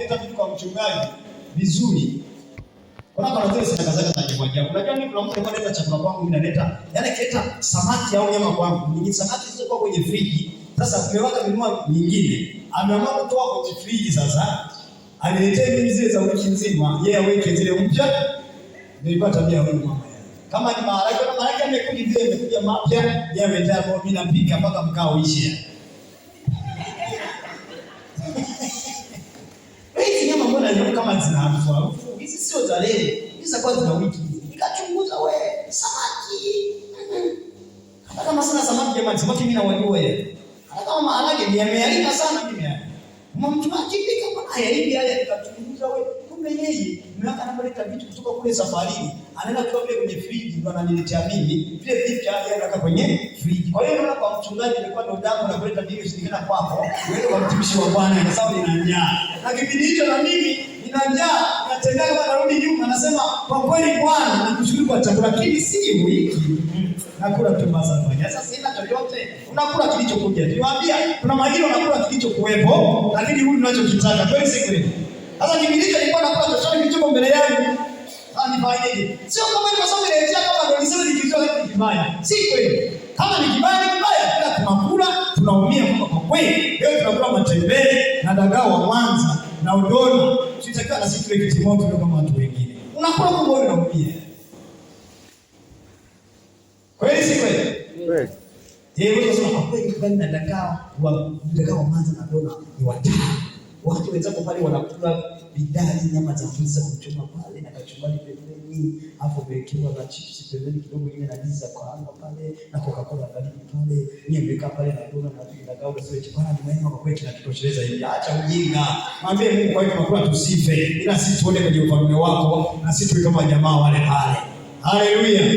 kuleta kitu kwa mchungaji vizuri. Kuna kama zile sadaka zake za Unajua mimi kuna mtu alikuwa analeta chakula kwangu mimi naleta. Yaani kileta samaki au nyama kwangu. Ni samaki kwa kwenye friji. Sasa mume wake amenunua nyingine. Ameamua kutoa kwenye friji sasa. Aniletee mimi zile za wiki nzima. Yeye aweke zile mpya. Nilipata pia huyu mama. Kama ni maharage na maharage amekuja zile amekuja mapya. Yeye ametaka kwa mimi napika mpaka mkao uishe. unaziona kama zina harufu harufu. Hizi sio za leo, hizi zakuwa zina wiki. Nikachunguza we samaki hata kama sana samaki, jamani, samaki mimi nawajua yeye, hata kama maharage ni yamealika sana mimi yeye mtu akipika kwa haya hivi haya, nikachunguza we, kumbe yeye ndio akaleta vitu kutoka kule safarini anaenda kutoka vile kwenye friji ndo ananiletea mimi vile vipya, yeye anaweka kwenye friji. Kwa hiyo naona kwa mchungaji ilikuwa ndo damu na kuleta mimi ushirikana kwako wewe, kwa mtumishi wa Bwana, kwa sababu nina njaa na kipindi hicho na mimi nina njaa, natendeka kwa narudi nyuma, nasema kwa kweli Bwana, nakushukuru kwa chakula, lakini si wiki nakula tu masa moja. Sasa sina chochote, unakula kilichokuja. Niwaambia kuna majira unakula kilichokuwepo, lakini huyu unachokitaka kweli, si kweli? Sasa kipindi hicho nilikuwa nakula chochote kilichoko mbele yangu anifaideje? Sio kama kwa sababu inaelekea kama ndio niseme ni kizuri ni kibaya. Si kweli. Kama ni kibaya ni kibaya, kila tunakula tunaumia kwa kwa kweli. Leo tunakula matembele na dagaa wa Mwanza na udona. Tunatakiwa na sisi kitimoto kama watu wengine. Unakula kwa moyo na kulia. Kweli si kweli? Kweli. Yeye mtu anasema kwa kweli kibali na dagaa wa dagaa wa Mwanza na udona ni watamu wakati wenzako pale wanakula bidali, nyama za mbuzi za kuchoma pale na kachumbari pembeni, hapo umewekewa na chipsi pembeni kidogo, ile na ndizi za kukaanga pale na coca cola ndani pale, yeye amekaa pale na dona na bila gao, sio eti bwana, ni mema kwa kweli, tunatosheleza hivi. Acha ujinga, mwambie Mungu kwa hiyo tunakuwa tusife, ila sisi tuone kwenye ufalme wako, na sisi kama jamaa wale pale. Haleluya.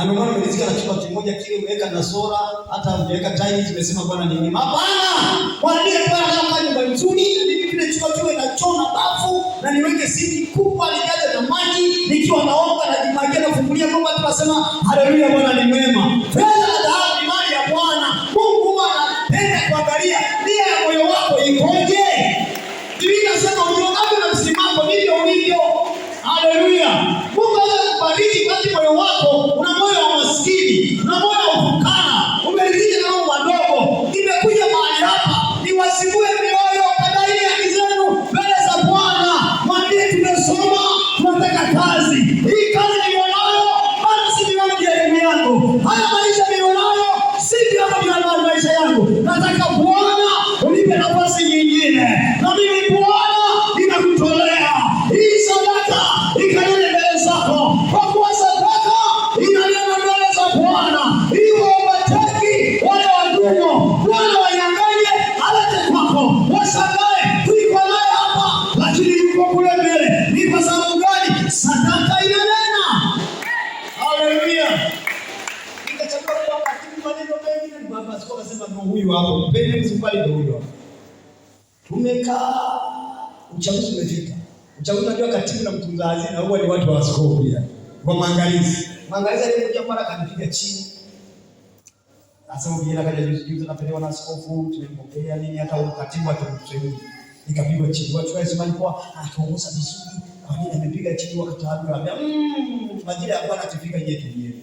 Na ndio maana nimeridhika na chupa kimoja kile umeweka na sora, hata umeweka tiles zimesema bwana ni mimi. Hapana. Mwambie bwana kama nyumba nzuri, mimi kile chupa kiwe na chona bafu na niweke sinki kubwa lijaze na maji nikiwa naomba na jimagia na kufungulia kwamba tunasema haleluya, Bwana ni mwema. nafasi nyingine, na mimi Bwana ninakutolea hii sadaka ikanene mbele zako, kwa kuwa sadaka inanena mbele za Bwana, iwe wateki wale wadumo, Bwana wanyang'anye, alete kwako, washangae tuiko naye hapa, lakini yuko kule mbele. Ni kwa sababu gani? Sadaka inanena. Haleluya! Nikachagua kuwa katibu maneno mengi, baba sikuwa nasema ndo huyu hapo, mpende mzikali ndo huyu hapo Tumekaa uchaguzi umefika. Uchaguzi unajua katibu na mtunza hazina huwa ni watu wa askofu pia. Kwa maangalizi. Maangalizi alikuja mara kanipiga chini. nasema mimi na kaja juzi juzi napelewa na askofu tumempokea nini hata ukatibu atumshauri. Nikapigwa chini. Watu wao sema alikuwa anaongoza vizuri. Kwa nini amepiga chini wakati wa hapo? Mmm, majira ya bwana tufika yetu yenyewe.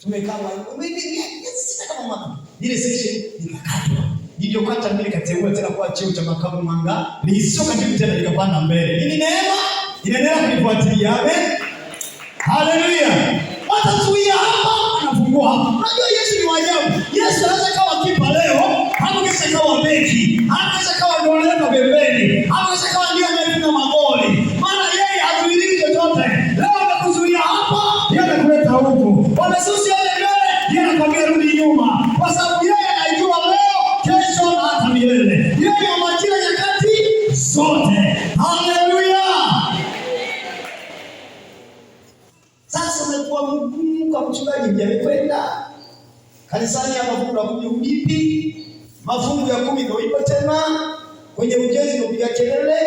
Tumekaa mimi ni sisi kama mama. Ile session nikakatwa. Gideon kata mimi nikateua tena kwa cheo cha makamu mwanga. Nilisoka chini tena nikapanda mbele. Ni neema inaendelea kunifuatilia. Amen. Haleluya. Hata tuia hapa anafungua hapa. Unajua Yesu ni wajabu. Yesu anaweza kawa kipa leo, hapo kesho kawa beki, hapo kesho kawa na pembeni, hapo kesho kawa ndio anayefunga magoli. Maana yeye hatuiliki chochote. Leo anakuzuia hapa, yeye anakuleta huko. Wamesusi wale mbele, yeye anakwambia rudi nyuma. Kwa sababu haijakwenda kanisani ya mafungu ya kumi ubipi mafungu ya kumi ndio ipo tena kwenye ujenzi, upiga kelele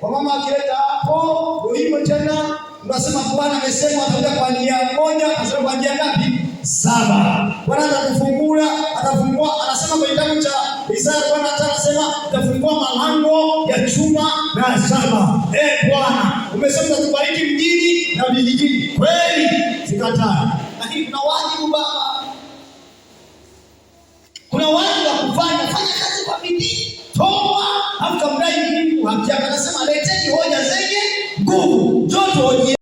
kwa mama akileta hapo ndio ipo tena. Unasema Bwana amesema atakuja kwa njia moja, asema kwa njia ngapi? Saba. Bwana atakufungula atafungua. Anasema kwenye kitabu cha Isaya, Bwana hata anasema atafungua malango ya chuma na saba. Eh, Bwana umesema utakubariki mjini na vijijini, kweli sikataa lakini kuna wajibu baba, kuna wajibu wa kufanya. Fanya kazi kwa bidii, toa, hamkamdai Mungu, hamjambo. Anasema leteni